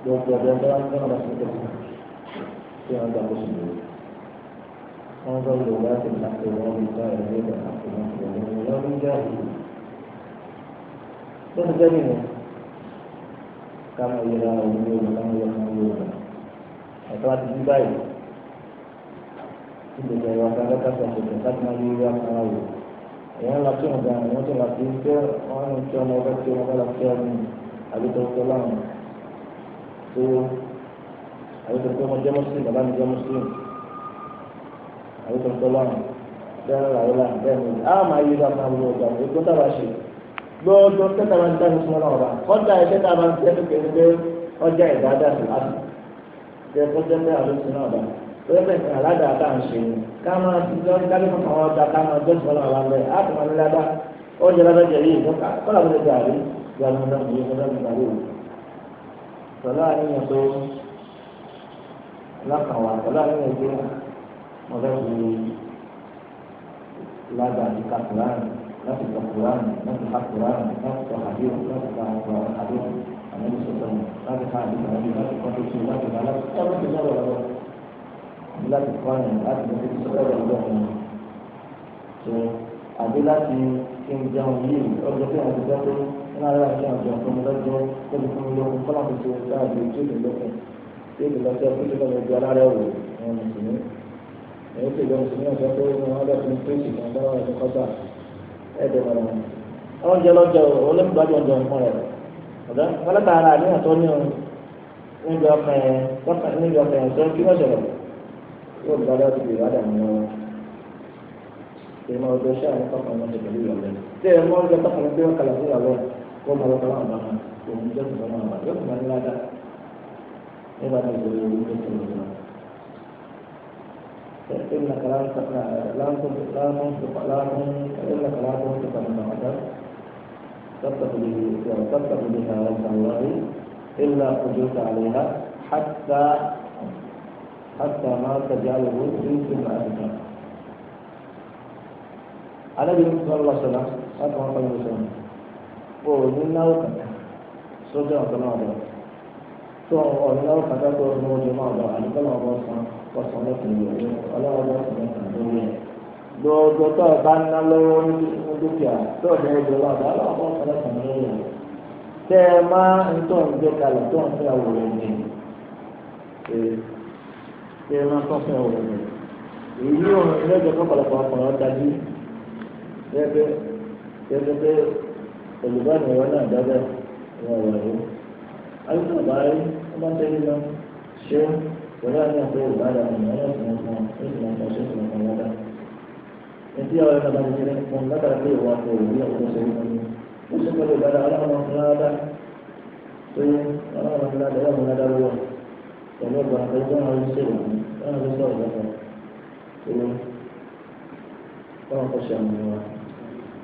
gbogbo ọ̀dọ́ ẹgbẹ́ wa ń gbọ́n lọ sí ìjọba tí wọ́n gbà lóṣù lórí. wọ́n gbọ́ lò láti pàṣẹ wọn ní ìgbà ẹ̀rọ ìgbà àti wọn kò ní ìlú lọ́wọ́ ìjà yìí. lóṣù jẹ́ nìyẹn ká mọ ìyẹra òun ní òun láwọn yọ ọmọ yóò rà. ẹ̀ka ti dí báyìí ìgbésẹ̀ ìwà kan lọ́ka sọ̀tọ̀ ìjọba tí wọ́n yóò wá èèyàn la tí wọn gan àwọn tó la fi ń tẹ́ wọn ń tẹ́ ọmọ ọgbẹ́ tí wọn bá la fi ọmọ àbí tó ń láwọn tó àwọn tó ń tọ́ ọmọ jẹ́ mọ́sílẹ̀ bàbá mi jẹ́ mọ́sílẹ̀ àwọn tó ń tọ́ lọ́rùn bẹ́ẹ̀ lọ́la lọ́la bẹ́ẹ̀ mi á máa yí lọ́la máa wọ ọ̀gá mi èkó táwa ṣe lọ́ọ́dọ́ tẹ́tà máa ń dá mi sún ọ̀la ọ̀la kọ́dà tẹ́tà máa ń tẹ́ mi kẹ́mi pé ọjà ìdáadáa sì láti tẹ́ kọ́jẹ́ pé àlọ́ sí náà bá pẹ́ẹ́pẹ́ kan aládàá tá à ń ṣe ká máa ti lọ ká ló fọkàn wọn ọjà ká máa jẹ́ sún ọ̀la ọ̀la bẹ́ẹ̀ á kò máa ní ládàá ọjà ládàá jẹ̀rí ìdọ́ka kọ́lá pẹ̀lú àníyàn pé lọ́kànwá pẹ̀lú àníyàn pé mo fẹ́ fi lágbàdì kàkùránì láti kàkùránì láti kàkùránì láti kàkàdé láti kàkàdé àmì sọ̀tọ̀nù láti ká àdé kàkàdé láti kọ́tò sí láti kàkàdé láti kọ́tò sí lọ́wọ́ lọ́wọ́ láti kọ́ni láti kọ́tò sí lọ́wọ́ lọ́wọ́ àbí láti kí n jẹun yìí ọjọ́ pé àti jẹ́ pé ní ara kí n jẹun tó ń lọ́jọ́ tó fún mi lókun kọ́lá kò tó káàdì tó ti lókun tó ti lọ́jọ́ tó ti lọ́jọ́ ara rẹ̀ wò ẹ̀ mùsùlùmí èyí tó jẹ́ mùsùlùmí ọjọ́ pé ní wọ́n lọ́ọ́ fi kọ́tà wọn. àwọn jẹ lọ́jọ́ olóńgbàjọ́ rẹ̀ ọ̀dọ́ ìmọ̀ ọ̀dọ̀ iṣẹ́ àwọn tọ́kàn wọn ṣe pẹ̀lú ìrọ̀lẹ́ tí ẹ̀ mọ́ ọjọ́ tọ́kàn pé wọ́n kalẹ̀ fún ìyàwó ẹ̀ kó mọ ọkọ̀ náà bá wọn òun jẹ́ ìgbà náà bá yóò máa ní ládà nígbà tí ìgbà yóò wúlò tó lọ́wọ́. إن كلام لا منطق لا إن كلام منطق من عدم تفتح به تفتح بها رب الله إلا قدرت عليها حتى حتى ما تجعله يمكن أن تكون alẹ́ yìí tó ń lọ sọ̀rọ̀ láti wọn kọ́ni sọ̀rọ̀ o ní náwó kankan sójú ọ̀tọ̀ náà lọ tó ọ̀ ní náwó kankan tó ń mọ́jú náà lọ àdúgbò náà bọ́ sàn bọ́ sàn lọ́kùnrin yìí ọlọ́wọ́ bọ́ sàn lọ́kùnrin lórí ẹ̀ lọ́dọ̀ tó ọba ńlá lọ́wọ́ ní dúkìá tó ọ̀dọ̀ ọjọ́ lọ́dọ̀ ọlọ́wọ́ bọ́ sàn lọ́kùnrin lórí ẹ̀ tẹ́ ẹ máa ń tọ́ ń gbé kalẹ̀ tó ń fẹ́ àwòrán ni tẹ́ ẹ máa tọ́ fẹ́ àwòrán ni èyí ò ń lọ́jọ́ tó kọ̀lọ̀kọ̀ ọkùnrin ọ̀dájú gẹ́gẹ́ gẹ́gẹ́ pé olùbánu wa náà dábẹ́ wọn wà ló alùpùpù báyìí wọn bá tẹ́lẹ̀ lọ ṣé pẹ̀lú àti àpò ìbára ọ̀nà ọ̀nà ìsìn ọ̀kan ìsìn ọ̀kan ṣé ìsìn ọ̀kan lọ́dà ètí àwọn ẹ̀ka bá ti tẹ́lẹ̀ fún látara pé ìwà àti òwúrọ̀ ọ̀dọ́ ṣe wọ́n ní ó ṣe pẹ̀lú ìbára ọlọ́run ọ̀kan lọ́dà tó yẹ ọlọ́run ọ̀kan lọ́dà yóò mú lọ́dà lọ́wọ́ pẹ̀lú ọgbà àtẹ̀jọ́ àwọn oníṣẹ́ ìwà ọlọ́run ọ̀kan ṣe àwọn ìwà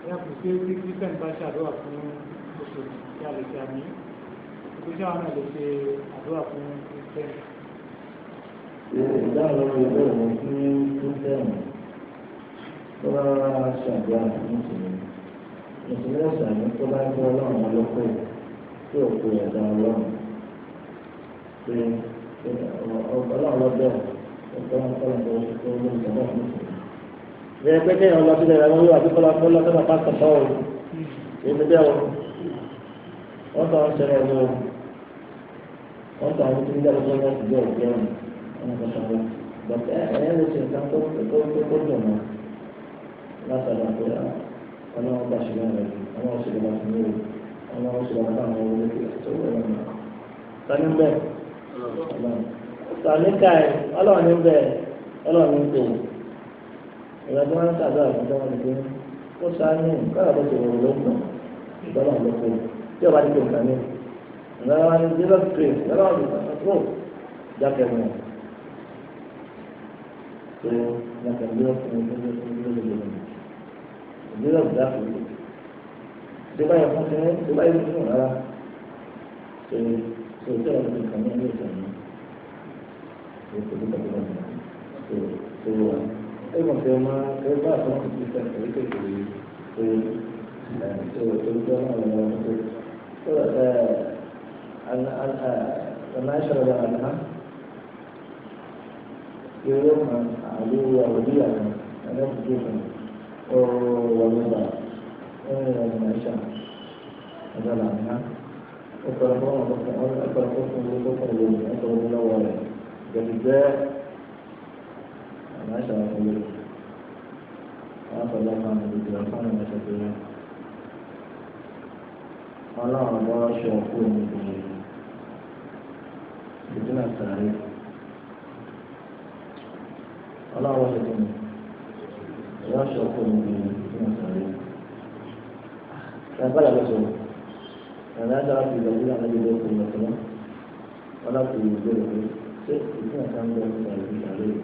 ẹ kò sí tí christian bá ṣàdúrà fún oṣù tí a lè ṣe àmì ìgbésẹ̀ àwọn náà lè ṣe àdúrà fún christian. ṣe ìdáhùn lórí bẹ́ẹ̀ ni kí christian tó bá ṣàdúrà fún mùsùlùmí mùsùlùmí ṣàmì tó bá gbé ọlọ́run ọlọ́pẹ́ tí ò kú ẹ̀dá ọlọ́run pé ọlọ́run lọ́dọ̀ ọ̀pọ̀ ọ̀pọ̀ ọ̀pọ̀ ọ̀pọ̀ ọ̀pọ̀ ọ̀pọ̀ ọ̀pọ̀ ìyẹn pé kéèyàn lọ sílẹ̀ ìyàwó yóò àbíkọ́ lọ fún lọ́sọ̀rọ̀ pásítọ̀ tọ́ èmi bẹ́ẹ̀ o wọ́n tọ́ ń ṣẹlẹ̀ ní wọ́n tọ́ àwọn tó ń dẹ́rù sọ́yìn láti bẹ́ẹ̀ ẹ̀yẹ́ eh, eh, ló ṣe nǹkan tó tó tó dùn mọ́ ah, ọlọ́run ọlọ́run ìgbà tí wọ́n ń sàdúrà fún tọ́wọ́ ní pé ó sáánú kára bó ti wọ̀ ló ń bọ̀ ìgbọ́nà ló pé tí ọba ti tó nǹkan ní ìgbà wọn ni zero three zero one two jákè mọ́ tó jákè zero three zero three zero zero zero jákè mọ́ tó báyìí fún sí tó báyìí fún sí rárá tó tó tó ọba ti nǹkan ní ilé ìtàn ní ètò ìgbà tó wà ní tó tó wà ní. e ma se ma se va a fare un sistema che quindi se tutto ora أنا أنا لما أشرب عنها يوم عليه وديع أنا بديهم ووضع من الشمس هذا عنها أقربون أقربون أقربون أقربون أقربون أقربون أقربون أقربون láṣà àfọwọ́ wọn na máa ń gbèdè fún àwọn ẹ̀ṣẹ̀ rẹ̀ wọn láwọn bá na ọ̀pọ̀ òun ìgbìyànjú ìdí náà sàárè wọn láwọn ṣe tó ní ìyá ṣe ọ̀pọ̀ òun ìgbìyànjú ìdí náà sàárè. Ẹ̀ka làbẹ̀ sọ̀rọ̀ ẹ̀rọ adára fi ìgbà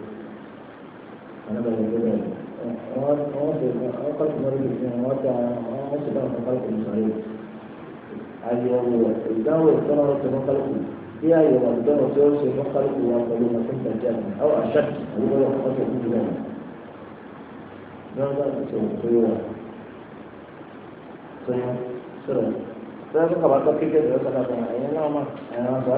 àyẹ̀wò ìdáwọ̀ ìtọ́nà ọ̀sẹ̀ mọ́kálùkù bí àyẹ̀wò àdúgbò tí ó ṣe mọ́kálùkù wà pẹ̀lú màsíǹ tàjà ní àwọn àṣàkì àdúgbò ọ̀sẹ̀ ìdílé rẹ̀. lọ́wọ́ láti ṣe òkú yóò wà tó yẹn sọ̀rọ̀ bẹ́ẹ̀ bí kàbá tó kékeré lọ́sọ̀ náà bẹ̀rẹ̀ ẹ̀yìn náà mà ẹ̀rọ àgbà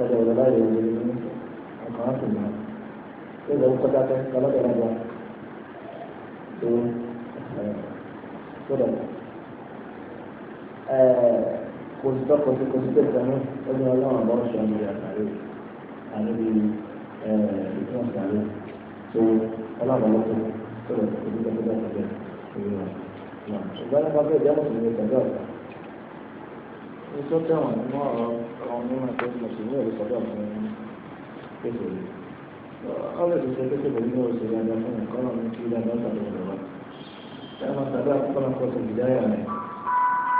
àdàlọ́ àwọn tó yàn ó lọ kọjá tẹ lọ́dọ̀lọ́dọ̀ tó tó dọ̀tà kò sí tọ́ kò sí kò sí tó tẹ̀lé ó ní ọlọ́run bọ́ sọ ní àtàrí àlórí ìtàn àtàrí tó ọlọ́run bọ́ tó tó dọ̀tà kò sí tó tẹ̀lé àtàrí ṣùgbọ́n nípa bẹ́ẹ̀ bí àwọn ìṣẹ̀lẹ̀ ìtàgé ọ̀tá ní tó tẹ̀wọ̀n nínú ọ̀rọ̀ ọ̀rọ̀ mímọ̀ tó ti mọ̀ sí ní ìlú sọ́dọ̀ ọ̀tá pèsè ọlọ́ ìṣiṣẹ́ pèsè pẹ̀lú ní oṣù yàrá fún ẹ̀kọ́ náà ní kí dáadáa sàbẹ̀ ọ̀dọ̀ wa ṣé àwọn sàbẹ̀ àkọ́kọ́ náà kọ́ sí ìdáyà rẹ̀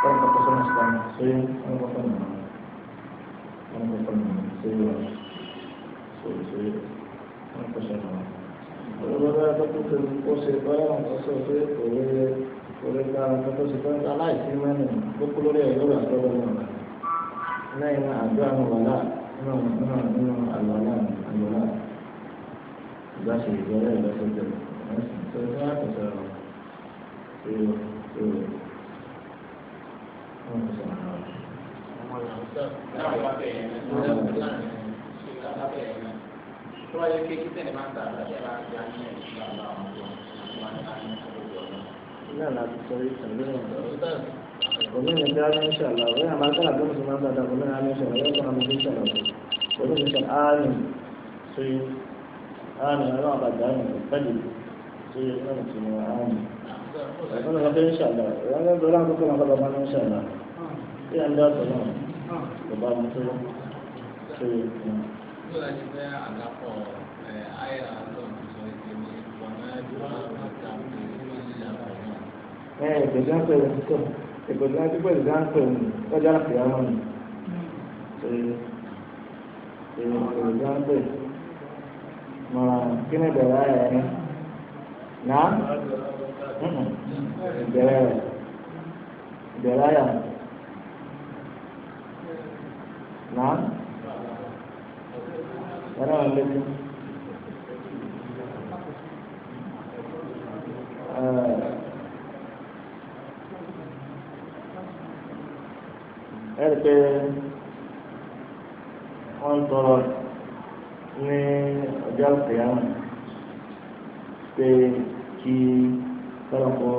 wọ́n kọ́ sọ́nà sọ́nà ṣé wọ́n kọ́ sọ́nà wọ́n kọ́ sọ́nà ṣé wọ́n ṣe ṣe wọ́n kọ́ sọ́nà wọn. olùbọ́dá tọ́kù tó kó ṣe bọ́lá wọn kọ́ sọ pé òwe òwe ká tọ́kù nínú àlọ́lá àlọ́lá ìgbàsẹ̀ ìgbẹ́rẹ́ ìgbàsẹ̀ ìgbẹ́rẹ́ ẹ̀sìn tó ń bá àtọ̀sọ̀ èrò èrò wọn kò sọ̀rọ̀ náà. Tó wáyé kékeré tẹ̀lé máa ń ta àlàyé máa ń gbé ayé ẹ̀ nígbà láwọn ọmọ ọmọ àti àwọn ọmọ ọmọ. Ilé àlàbí sọ yìí tẹ̀lé ومن الدار إن شاء الله وين ما كان أبو مسلم هذا ومن عام إن شاء الله يكون عم إن شاء الله ومن إن شاء الله آمن سي آمن أنا أبغى دائما بدي سي أنا مسلم آمن أنا غدا إن شاء الله وأنا دولا بكرة ما بقى إن شاء الله في عند الله بابا مسلم سي Eh, que ya se lo èkó tí wọ́n ti pẹ̀lú dáńtò ní lọ́jọ́ àfihàn ní èèyàn pẹ̀lú dáńtò mọ̀ràn kí ni bẹ̀rẹ̀ rẹ̀ ní nà bẹ̀rẹ̀ rẹ̀ bẹ̀rẹ̀ rẹ̀ nà bẹ̀rẹ̀ rẹ̀ lẹ́yìn. Uh... ẹ̀rí pé wọ́n ń tọrọ ní ọjọ́ ìpèyàmù pé kí tọ́lọ́pọ̀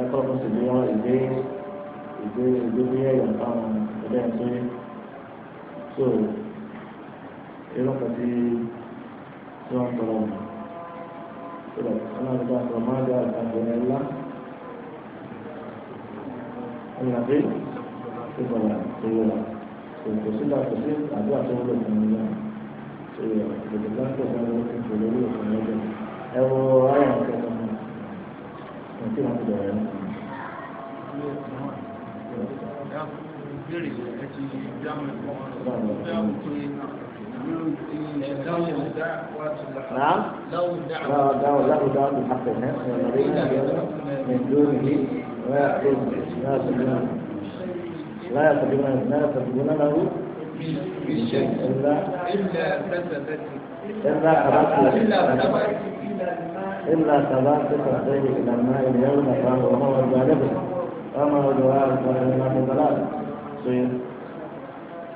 ẹ̀kọ́ tó sì léwọ́n ìgbé ìgbé ìgbé bí ẹ̀yọ̀ táwọn ẹgbẹ́ ń pé so irú kan tí tí wọ́n ń tọrọ mọ́ sọ̀rọ̀ ọlọ́run bá sọ̀rọ̀ máa dá àgbàdo ẹ̀ ńlá tó padà tó yọ kò sí náà kò sí àdúrà tó ń lò fún mi yọ kòtò bá tó bá lọ kò lórí òfin lọ́jọ́ ẹ wo ayé àti ẹ̀ka náà wọn tí wọn ti bẹ̀rẹ̀ náà. Ìbéèrè ẹ ti dáhùn ẹ̀kọ́ wọn lọ. Bí a kò tó yẹ náà. نعم لو دعوا له دعوة بحقه من دونه ويأخذ ناس منه لا يقدمون لا يقدمون له بشيء إلا إلا خبط إلا خبط خطيه إلى الماء اليوم فهو هو جانبه وما هو دعاء فإلا بضلال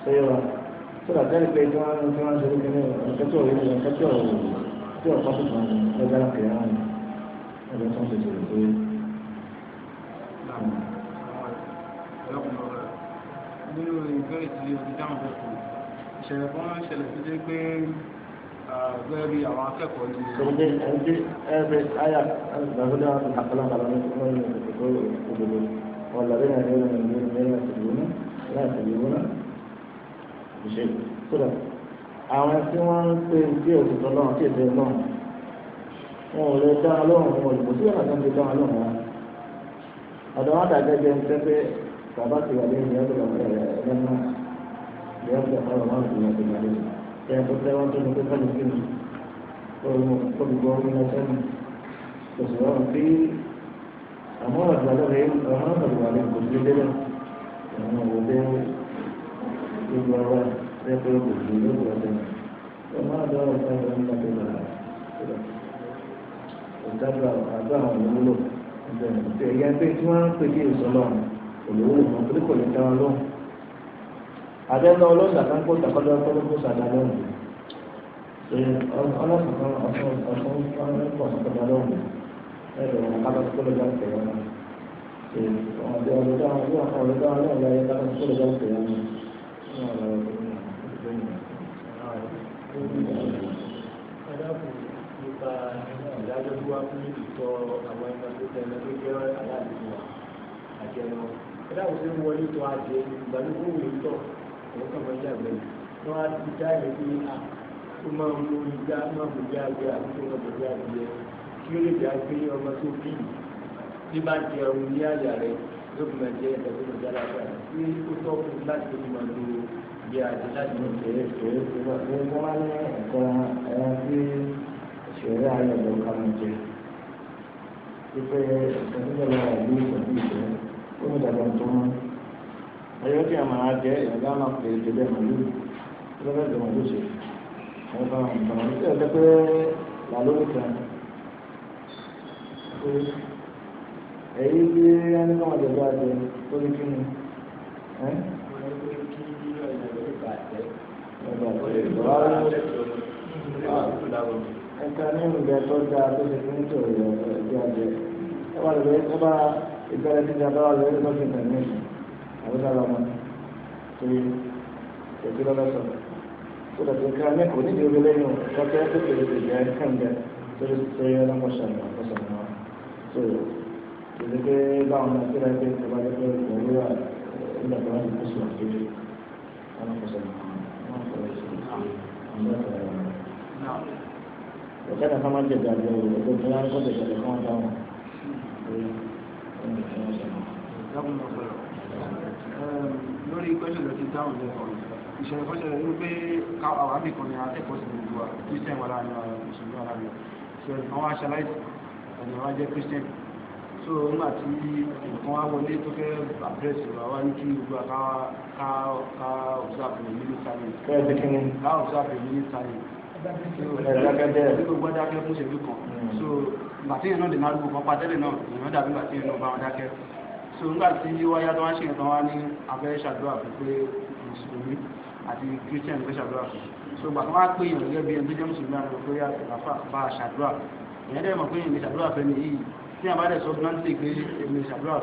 سيرا sọ́dà tẹ́lẹ̀ pé tí wọ́n ti wọ́n ṣe lókè ní ọ̀kẹ́ tí òye ní ọ̀kẹ́ tí òye tí ọ̀pá tó tán ní ọjọ́ àkẹ́yà ní ọjọ́ tó ń ṣe ṣe lè tó yẹ. nínú ìbéèrè tí o ti dáhùn fẹ́ fún ìṣẹ̀lẹ̀ kan máa ń ṣẹlẹ̀ tó dé pé bẹ́ẹ̀ bí àwọn akẹ́kọ̀ọ́ ni. ṣèǹdé ẹ̀ǹdé ẹ̀ẹ́dẹ́ ayà lọ́sọ̀dọ̀ àkọlọ́kọlọ́ ní ọlọ́run ìgbòho òdòdó ọ̀làdé náà ní ọ̀rọ̀ ìlú mẹ́rin àtìlúmọ́ láìpẹ̀lúmọ́ ìṣe sódà àwọn tí wọ́n ń pè bí òtítọ́ lọ́run tí èdè lọ́run wọn ò lè dá lọ́run wọn ò lè mọ̀ sí ọ̀nà tó ń fi dá lọ́run wọn. ọ̀dọ̀ wọn dàgẹ́gẹ́ ń tẹ́ pé bàbá ti wà lẹ́yìn ìyá bọ̀lọ̀ ọ̀rẹ́ lẹ́nu ìyá bọ̀lọ̀ ọ̀rọ̀ máa ń gbìyànjú àti ìgbàlẹ̀ kí a tó tẹ́wọ́n tó ní pé kọ́ni kí ni olùkọ́ orí lọ́sẹ̀ ni kò sì rọrùn bí àmọ́ àgbàlọ́rẹ́ ọ̀rọ̀ àgbàlọ́rẹ́ kò sí lé lẹ́nu àwọn òwúlé gbogbo ọwọ́ lẹ́kọ̀ọ́ kò sí lóko ọ̀sẹ̀ ọmọ àgbà ọ̀sẹ̀ ọ̀rọ̀ ń lọ́kọ̀ lọ́la ọ̀dàgbà àgbà olówó ìmọ̀ torí kò lè tẹ́wọ́ lọ́wọ́ àtẹ́nà ọlọ́sà kan kó tàkọ́dọ́ tó ló kó sàdá lọ́wọ́ ọlọ́sà kan ọ̀sán ọ̀sán ọ̀sán pọ̀ sàkọ́dá lọ́wọ́ ẹ̀rọ kábàtí kó lè dá tẹ̀wọ́ náà ọ̀dẹ ọ̀dọ́dá ọ̀dọ́dá ọ̀dọ́dá yẹ kábàtí kó lè dá tẹ̀wọ́ náà. Ìdájọ́ tó wá fún ìtọ́ àwọn ẹgbẹ́ tó tẹ̀lé tó jẹ́ aláàbò wa ìdáwó sí wọlé tó àjẹ ìgbàlódé òwe tọ̀ òun kàn máa yàgbẹ́ wọn á ti dá ẹ̀ pé a tó máa ń lo ìgbà máa bò bí àgbẹ̀ àbúrò máa bò bí àgbẹ̀ kí ó lè bí àgbẹ̀ ọmọ tó bí bí bá jẹ ọrùn ní àyà rẹ̀ yóò fi máa jẹ ẹ̀dẹ̀ tó máa jẹ alágbára tí ó tọ́ fún láti fi máa lo bí àjẹ láti máa jẹ ẹ̀dẹ̀. ìwọ wá ní ẹ̀kọ́ tí ìṣòro ayọ̀ ó lè dàgbà tó mọ́ ẹyọ tí a máa jẹ ìyàgá máa pè é débẹ̀ màlúù lọ́dọ̀ tó màlúù ṣe ẹ̀rọ bá wọn tọ̀nà ní ẹ̀rọ pé làlórí kan èyí tí a ní kọ́mọ̀tò bá jẹ ó lè kí ni ẹ́ ẹ̀ka ní ìgbà tó dáa tó ṣe fún ìtòrí ọ̀rọ̀ ìgbà jẹ ẹ wà lóye ẹ bá ìbẹ̀rẹ̀ tí ìjàmbá wà lórí lọ́sẹ̀ ìtẹ̀mẹ́sì àbúrò àlọ́mọ tó yẹ kẹ̀kẹ́ lọ́lọ́sọ̀ tó dàbí ká ní kò ní ìdíwọ́ lẹ́yìn o kọ́kẹ́ tó kéré tó jẹ́ kàǹgẹ́ tó lè tó yẹ lọ́mọ sọ̀rọ̀ ọ̀sọ̀rọ̀ wọn tó yẹ kí báwọn náà kíra pé ìjọba ló pé òun wà nígbà tó wọn kó sùn àti ọlọ́kọ̀sọ̀rọ̀ ọ̀kadà kan máa ń jẹ̀dá lọ òkú tó yára kó jẹ̀dá lọ kó wọn dáhùn lórí question lọ sí dáhùn lẹ́kọ̀ọ́ ìṣẹ̀lẹ̀ kan ṣẹlẹ̀ wípé àwọn àbíkan ni akẹ́kọ̀ọ́ sí gbogbo wa christian wà láàrin àwọn mùsùlùmí wà láàrin ṣẹlẹ̀ àwọn aṣáláìsì ẹ̀yìn wa jẹ́ christian so nígbà tí nǹkan wá wọlé tó fẹ́ àdírẹ́sì wa wá ní kí gbogbo ká ká ká observe the minute silence. bẹ́ẹ̀ bí kí ni. ká observe the minute silence. ẹ̀ẹ́dẹ́gbẹ́dẹ́. gbogbo adákẹ́ fún ṣẹ́jú kan. so ìgbà tí ìrìnà dènà arúgbó kan pàtẹ́lẹ̀ náà ìrìnà dàbí ìgbà tí ìrìnà bá wọn dákẹ́ so nígbà tí wáyá tó wọ́n ṣe nǹkan wá ní abẹ́ ṣàdúrà pé mùsùlùmí àti christian fẹ́ ṣàdúrà fún so gbà tó wá pé èèyàn gẹ́gẹ́ bí ẹni tó jẹ́ mùsùlùmí àti pé àfà bá a ṣàdúrà èèyàn dẹ́rẹ́ mọ̀ pé èèyàn lè ṣàdúrà fẹ́ ni yìí tí a bá dẹ̀ sọ bluntly pé èmi lè ṣàdúrà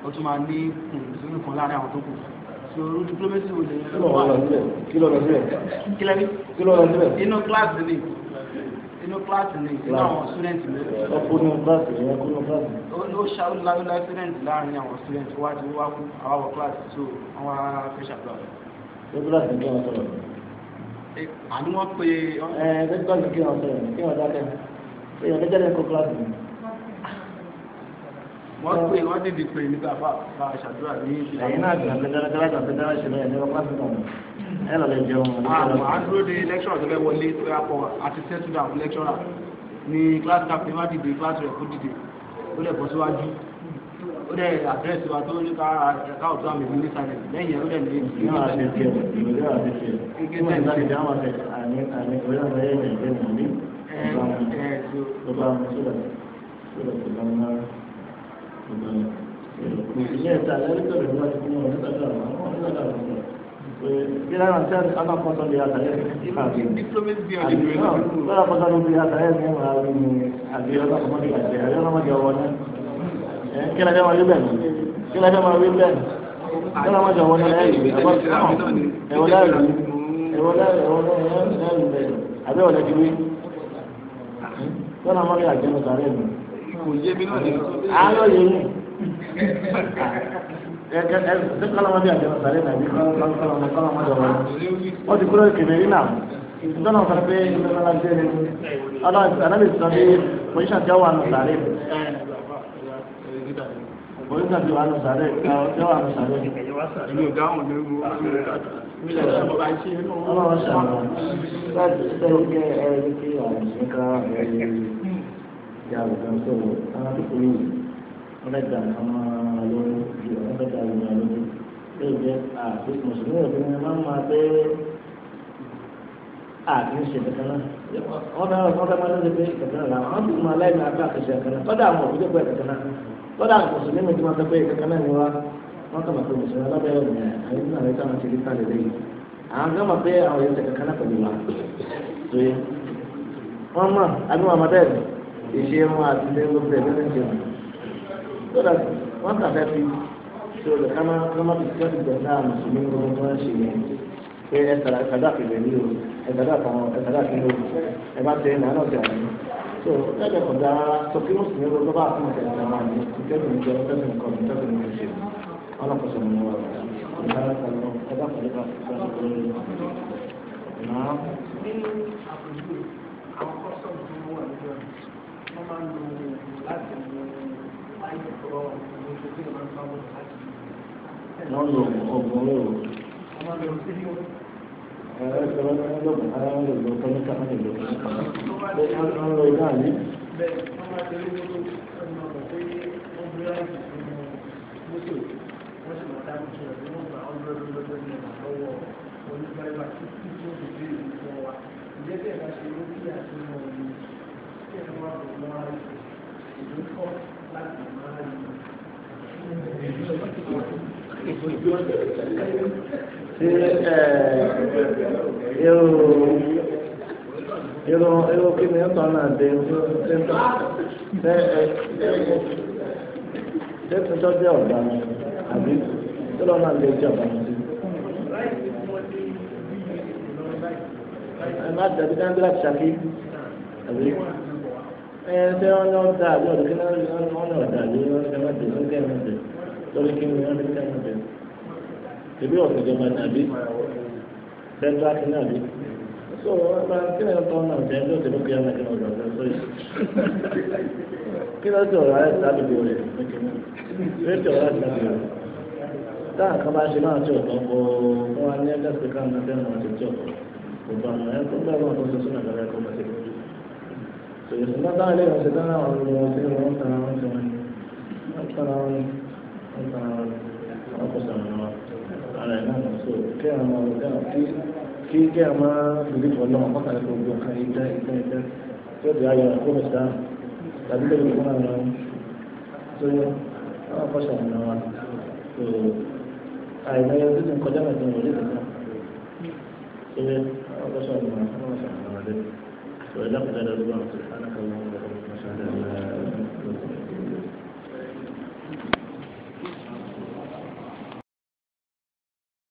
fún ó tún máa ní ìdúró kan láàárín àwọn tó kù ìṣòro diplomacy wo lè. kí ló lọ síbẹ̀ kí ló inú kíláàsì ni inú àwọn sítúdẹ̀ǹtì ló ti. ó kú inú kíláàsì ni ó kú inú kíláàsì. ó ṣàlù láyúlá sítúdẹ̀ǹtì láàrin àwọn sítúdẹ̀ǹtì wá ti wá kú àwáwọ̀ kíláàsì tó àwọn afẹ́ṣàdúrà. ṣé kíláàsì ni kí wọ́n sọ̀rọ̀? àní wọ́n pe. ẹ ẹ ṣé kí wọ́n sọ̀rọ̀ kí wọ́n dákẹ́ ṣé ìyọ̀n lẹ́jẹ̀ lẹ́kọ̀ọ́ kíláàsì ni. wọ́n pe wọ́n dìde pé nígbà bá a ṣàdúrà ní ìṣẹ̀lẹ̀. ẹ̀yin náà gbìyànjú dáradára ṣẹlẹ̀ ẹ̀ ẹ lọ lè jẹun. a dúró de lecturer tó fẹ́ wọlé pé a kọ àti settle down lecturer ní class captain wá dìde class rẹ̀ kó dìde ó lè bọ́ síwájú ó dẹ̀ àdírẹ́sì wa tó ní ká ẹ̀ka ọ̀tún àmì ìlú nísàlẹ̀ lẹ́yìn ó dẹ̀ ní èyí. ìyá àti ìfẹ́ ìyá àti ìfẹ́ ìgbésẹ̀ ìgbésẹ̀ ìgbésẹ̀ ìdáhùn àti àmì àmì ìgbésẹ̀ ìgbésẹ̀ ìgbésẹ̀ ìgbésẹ̀ ìgbésẹ̀ ìgbésẹ̀ ìgbésẹ̀ ìgbésẹ̀ ìgbésẹ̀ bila na chari ana kosa bi hata yeye diplomacy ndio ndio wala kosa bi hata yeye ni mwalimu aliona kama ni kaje aliona maji aone kila jamaa yule kila jamaa yule kila maji aone yeye eh wala eh wala abe wala kiwi wala maji ajeno tarehe kò yé mi náà ni. àárọ̀ yé mi ṣé kọ́lọ́mọdé àti ọ̀sàrẹ́ nàbí kọ́lọ́mọdé ọ̀rọ̀ wọ́n ti kúrò kẹ̀mẹ́ rí náà ìtọ́nà ọ̀sán pé ìmọ̀lára jẹ́ ni alábì sọ pé pòṣíṣàn tí ó wà nùsàrẹ́ pòṣíṣàn tí ó wà nùsàrẹ́ tí ó wà nùsàrẹ́. èmi ò dáhùn ní ewu ọlọ́run ṣàlọ́ láti ṣe ẹ ẹ ẹ ti àmì nǹkan ẹ yàgò kan sọ̀rọ̀ àwọn àti kúrò yìí wọ́n lè dà nǹkan máa lórí ju wọ́n lè dà àti mùsùlùmí òfin ni máa ń máa pé àti ń ṣe kankan náà wọ́n dáná wọ́n dáná lórí pé kankan náà làwọn ti máa láì máa káàkiri ṣe kankan náà tọ́dà àwọn òbí tó pẹ́ kankan náà tọ́dà àwọn mùsùlùmí mi ti máa pẹ́ kankan náà ni wá wọ́n kà máa pé mùsùlùmí alábẹ́rẹ́ ọ̀nà àyíkú náà lẹ́ka máa ti rí kálẹ̀ lẹ́yìn àwọn sọ́dà wọ́n kàfẹ́ fi sọ̀rọ̀ ká má fi sẹ́kù gbẹ̀dá mùsùlùmí gbogbo tó ń ṣe yẹn pé ẹ sàrà ẹ̀sàdà kìlẹ̀ ní o ẹ̀sàdà kan ẹ̀sàdà kìlẹ̀ o ẹ bá tẹ ẹ̀nà ọ̀sẹ̀ àná so ẹ̀jẹ̀ kò dáa sọ kí mùsùlùmí gbogbo bá fún ẹ̀sẹ̀ ẹ̀sẹ̀ máa ní ìtẹ́kùn ìjọ ìtẹ́kùn ìkọ̀ ìtẹ́kùn ìṣe ọlọ́kọ̀ọ́sọ̀ mi wà Thank you wọ́n lò ọgbọ̀n lóru. Ẹ̀rọ ìṣòro ní ọjọ́ ara ń lò lọ kọ́níkà ń lò lọ. Ó ń lo iná ní. Thank you eu eu irú eu irú kí ni ẹ̀tọ́ náà dé ṣe ẹ ṣe tuntun jẹ́ ọ̀gá àbí tó lọ́ náà lè jẹ́ ọ̀gá sí. ẹ má dàbí dáńdé láti ẹsẹ wọn lọ da àbí ọdún kíni wọn lọ da àbí wọn kẹ má dé wọn kẹ má dé lórí kíni wọn kẹ má dé ìbí ọ̀sẹ̀ ìjọba nàbí bẹ́ńtà kí nàbí so wọn bá kíni wọn tọ́ náà jẹ́ lóde ló kíyà nàbí ọ̀dọ̀ ọ̀dọ̀ sọ yìí kí ló ti ọ̀rọ̀ ayé sábì bí olè kí ló ti ọ̀rọ̀ ayé sábì bí olè táà kan bá ṣe máa ti ọ̀tọ̀ kó wọn ní ẹgbẹ́ sí káwọn náà tẹ́lẹ̀ wọn ti ti ọ̀tọ̀ kò bá wọn ẹ ṣùgbọ́n táwọn ilé ìwọ̀n ṣe tán náà wọ́n lọ sí wọn tara wọn sọ wọn tara wọn wọn tara wọn wọn kò sọ̀rọ̀ wọn ara ẹ̀ náà sọ kí ẹ̀ máa lọ́gà kí kí ẹ̀ máa lórí ìfọ̀ lọ́wọ́ kọ́kà ẹ̀ gbogbo kan ìdá ìdá ìdá tí ó di ayọ̀ kó mi sá tàbí lórí ìfọ̀ náà ti ń kọjá mẹ́tọ́ ìwọlé kankan tó yẹ wọn kọ́ sọ̀rọ̀ wọn ولقد الله سبحانك اللهم وبحمدك نشهد ان